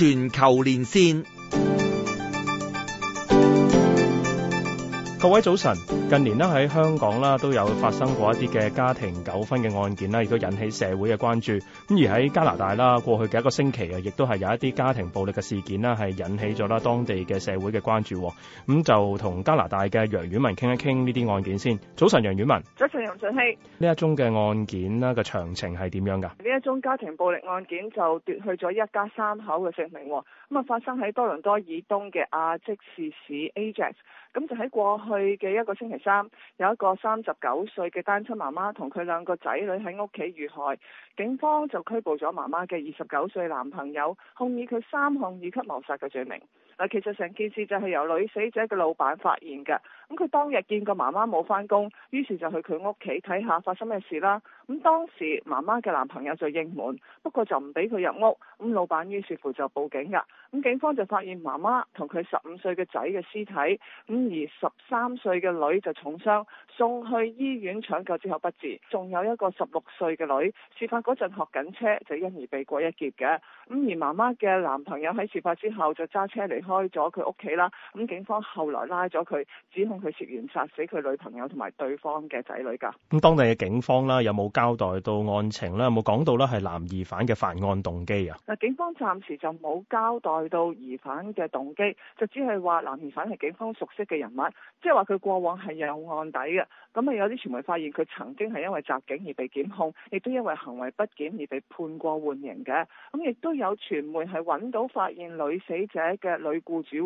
全球連線各位早晨，近年咧喺香港啦都有發生過一啲嘅家庭糾紛嘅案件啦，亦都引起社會嘅關注。咁而喺加拿大啦，過去嘅一個星期啊，亦都係有一啲家庭暴力嘅事件啦，係引起咗啦當地嘅社會嘅關注。咁、嗯、就同加拿大嘅楊婉文傾一傾呢啲案件先。早晨，楊婉文。早晨，任順熙。呢一宗嘅案件啦嘅詳情係點樣噶？呢一宗家庭暴力案件就奪去咗一家三口嘅性命，咁啊發生喺多倫多以東嘅亞積士市 Ajax，咁就喺過去去嘅一個星期三，有一個三十九歲嘅單親媽媽同佢兩個仔女喺屋企遇害，警方就拘捕咗媽媽嘅二十九歲男朋友，控以佢三項二級謀殺嘅罪名。嗱，其實成件事就係由女死者嘅老闆發現嘅。咁佢當日見個媽媽冇返工，於是就去佢屋企睇下發生咩事啦。咁當時媽媽嘅男朋友就應門，不過就唔俾佢入屋。咁老闆於是乎就報警噶。咁警方就發現媽媽同佢十五歲嘅仔嘅屍體，咁而十三歲嘅女就重傷，送去醫院搶救之後不治。仲有一個十六歲嘅女，事發嗰陣學緊車，就因而避過一劫嘅。咁而媽媽嘅男朋友喺事發之後就揸車離開咗佢屋企啦。咁警方後來拉咗佢，指控。佢涉嫌殺死佢女朋友同埋對方嘅仔女㗎。咁當地嘅警方啦，有冇交代到案情啦？有冇講到咧係男疑犯嘅犯案動機啊？嗱，警方暫時就冇交代到疑犯嘅動機，就只係話男疑犯係警方熟悉嘅人物，即係話佢過往係有案底嘅。咁啊，有啲傳媒發現佢曾經係因為襲警而被檢控，亦都因為行為不檢而被判過緩刑嘅。咁亦都有傳媒係揾到發現女死者嘅女雇主。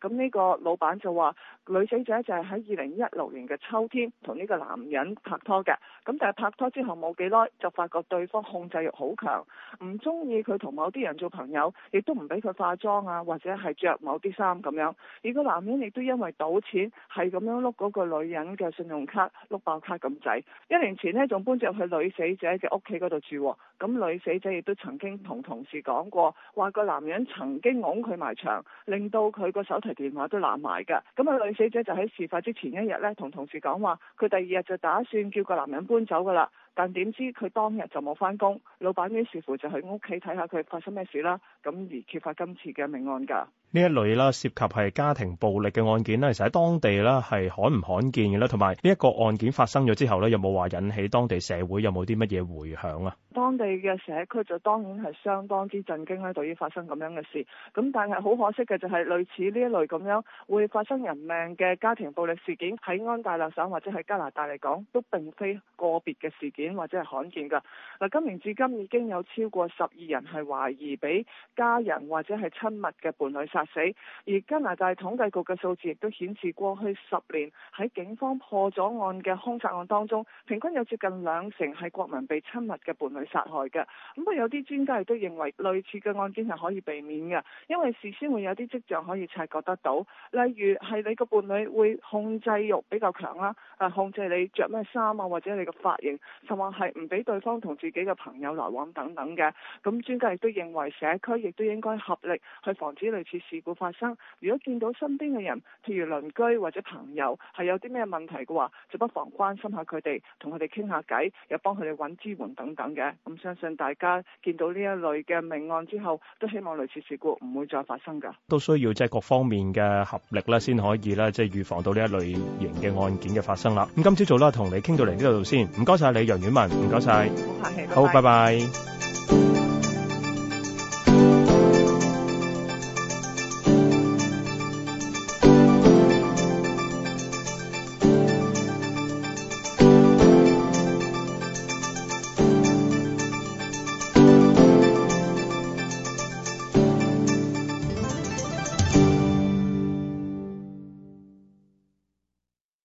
咁呢個老闆就話女死者就係、是。喺二零一六年嘅秋天同呢個男人拍拖嘅，咁但係拍拖之後冇幾耐就發覺對方控制欲好強，唔中意佢同某啲人做朋友，亦都唔俾佢化妝啊，或者係着某啲衫咁樣。而個男人亦都因為賭錢係咁樣碌嗰個女人嘅信用卡碌爆卡咁滯。一年前呢，仲搬咗入去女死者嘅屋企嗰度住啊。咁女死者亦都曾經同同事講過，話個男人曾經拱佢埋牆，令到佢個手提電話都爛埋㗎。咁啊女死者就喺事。或者前一日咧，同同事講話，佢第二日就打算叫個男人搬走噶啦。但點知佢當日就冇翻工，老闆於是乎就喺屋企睇下佢發生咩事啦。咁而揭發今次嘅命案㗎。呢一類啦，涉及係家庭暴力嘅案件咧，其實喺當地咧係罕唔罕見嘅咧？同埋呢一個案件發生咗之後咧，有冇話引起當地社會有冇啲乜嘢迴響啊？當地嘅社區就當然係相當之震驚咧，對於發生咁樣嘅事。咁但係好可惜嘅就係類似呢一類咁樣會發生人命嘅家庭暴力事件喺安大略省或者喺加拿大嚟講都並非個別嘅事件。或者係罕見㗎。嗱，今年至今已經有超過十二人係懷疑俾家人或者係親密嘅伴侶殺死。而加拿大統計局嘅數字亦都顯示，過去十年喺警方破咗案嘅兇殺案當中，平均有接近兩成係國民被親密嘅伴侶殺害嘅。咁不過有啲專家亦都認為，類似嘅案件係可以避免嘅，因為事先會有啲跡象可以察覺得到。例如係你個伴侶會控制欲比較強啦，誒，控制你着咩衫啊，或者你個髮型。或係唔俾對方同自己嘅朋友來往等等嘅，咁專家亦都認為社區亦都應該合力去防止類似事故發生。如果見到身邊嘅人，譬如鄰居或者朋友係有啲咩問題嘅話，就不妨關心下佢哋，同佢哋傾下偈，又幫佢哋搵支援等等嘅。咁相信大家見到呢一類嘅命案之後，都希望類似事故唔會再發生㗎。都需要即係各方面嘅合力啦，先可以咧即係預防到呢一類型嘅案件嘅發生啦。咁今朝早啦，同你傾到嚟呢度先，唔該晒你楊婉文，唔該晒。好，拜拜。